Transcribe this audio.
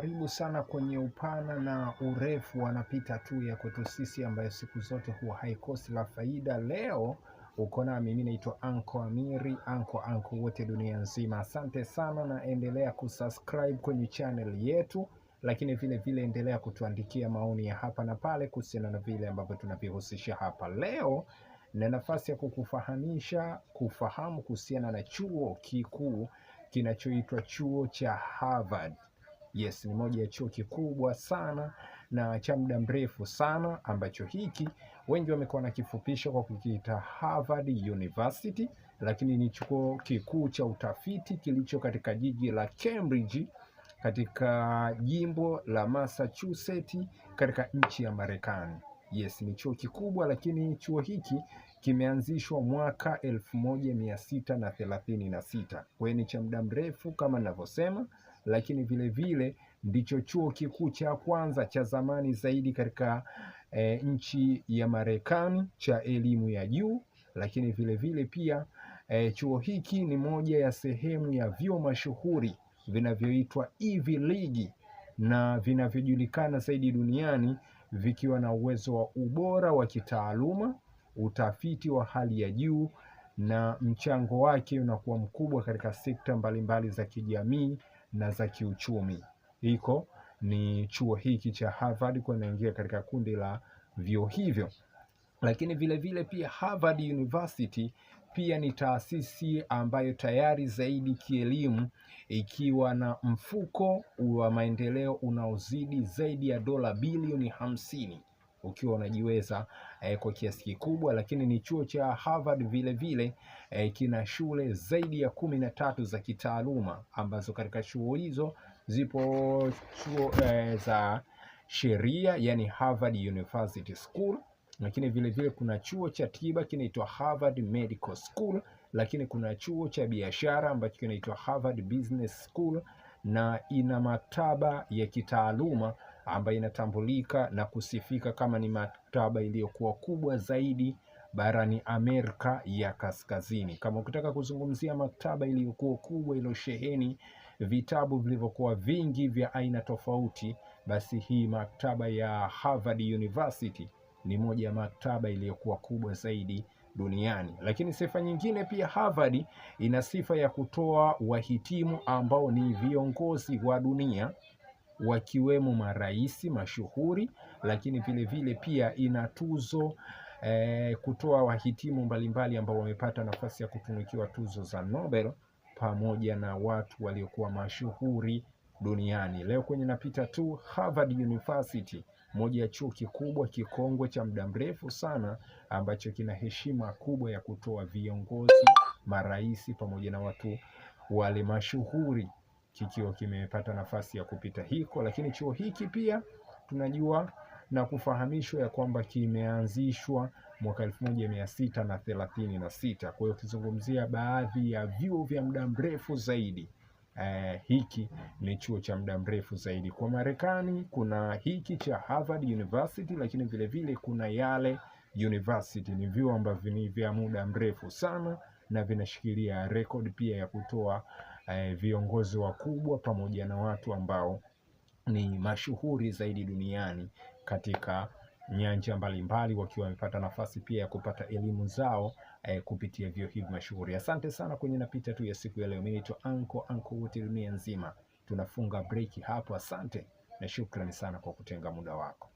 karibu sana kwenye upana na urefu, wanapita tu ya kwetu sisi, ambayo siku zote huwa haikosi la faida. Leo uko nami, mimi naitwa Anko Amiri, Anko Anko wote dunia nzima, asante sana, na endelea kusubscribe kwenye channel yetu, lakini vile vile endelea kutuandikia maoni ya hapa na pale kuhusiana na vile ambavyo tunavihusisha hapa leo na nafasi ya kukufahamisha kufahamu kuhusiana na chuo kikuu kinachoitwa chuo cha Harvard. Yes, ni moja ya chuo kikubwa sana na cha muda mrefu sana ambacho hiki wengi wamekuwa na kifupisho kwa kukiita Harvard University, lakini ni chuo kikuu cha utafiti kilicho katika jiji la Cambridge katika jimbo la Massachusetts katika nchi ya Marekani. Yes, ni chuo kikubwa lakini chuo hiki kimeanzishwa mwaka elfu moja mia sita na thelathini na sita. Kwa hiyo ni cha muda mrefu kama ninavyosema lakini vilevile ndicho chuo kikuu cha kwanza cha zamani zaidi katika e, nchi ya Marekani cha elimu ya juu, lakini vilevile vile pia e, chuo hiki ni moja ya sehemu ya vyuo mashuhuri vinavyoitwa Ivy League na vinavyojulikana zaidi duniani vikiwa na uwezo wa ubora wa kitaaluma, utafiti wa hali ya juu na mchango wake unakuwa mkubwa katika sekta mbalimbali za kijamii na za kiuchumi. Hiko ni chuo hiki cha Harvard kwa inaingia katika kundi la vyuo hivyo, lakini vile vile pia Harvard University pia ni taasisi ambayo tayari zaidi kielimu ikiwa na mfuko wa maendeleo unaozidi zaidi ya dola bilioni hamsini ukiwa unajiweza eh, kwa kiasi kikubwa, lakini ni chuo cha Harvard vile vile eh, kina shule zaidi ya kumi na tatu za kitaaluma ambazo katika chuo hizo zipo chuo eh, za sheria yani Harvard University School, lakini vile vile kuna chuo cha tiba kinaitwa Harvard Medical School, lakini kuna chuo cha biashara ambacho kinaitwa Harvard Business School na ina maktaba ya kitaaluma ambayo inatambulika na kusifika kama ni maktaba iliyokuwa kubwa zaidi barani Amerika ya Kaskazini. Kama ukitaka kuzungumzia maktaba iliyokuwa kubwa iliyosheheni vitabu vilivyokuwa vingi vya aina tofauti, basi hii maktaba ya Harvard University ni moja ya maktaba iliyokuwa kubwa zaidi duniani. Lakini sifa nyingine pia, Harvard ina sifa ya kutoa wahitimu ambao ni viongozi wa dunia wakiwemo marais mashuhuri, lakini vile vile pia ina tuzo eh, kutoa wahitimu mbalimbali ambao wamepata nafasi ya kutunukiwa tuzo za Nobel pamoja na watu waliokuwa mashuhuri duniani. Leo kwenye napita tu Harvard University, moja ya chuo kikubwa kikongwe cha muda mrefu sana ambacho kina heshima kubwa ya kutoa viongozi, marais pamoja na watu wale mashuhuri kikiwa kimepata nafasi ya kupita hiko, lakini chuo hiki pia tunajua na kufahamishwa ya kwamba kimeanzishwa mwaka elfu moja mia sita na thelathini na sita. Kwa hiyo ukizungumzia baadhi ya vyuo vya muda mrefu zaidi eh, hiki ni chuo cha muda mrefu zaidi kwa Marekani. Kuna hiki cha Harvard University, lakini vilevile vile kuna Yale University. Ni vyuo ambavyo ni vya muda mrefu sana na vinashikilia rekodi pia ya kutoa eh, viongozi wakubwa pamoja na watu ambao ni mashuhuri zaidi duniani katika nyanja mbalimbali wakiwa wamepata nafasi pia ya kupata elimu zao eh, kupitia vyo hivi mashuhuri. Asante sana kwenye napita tu ya siku ya leo. Mimi naitwa Anko Anko wote dunia nzima. Tunafunga breaki hapo. Asante na shukrani sana kwa kutenga muda wako.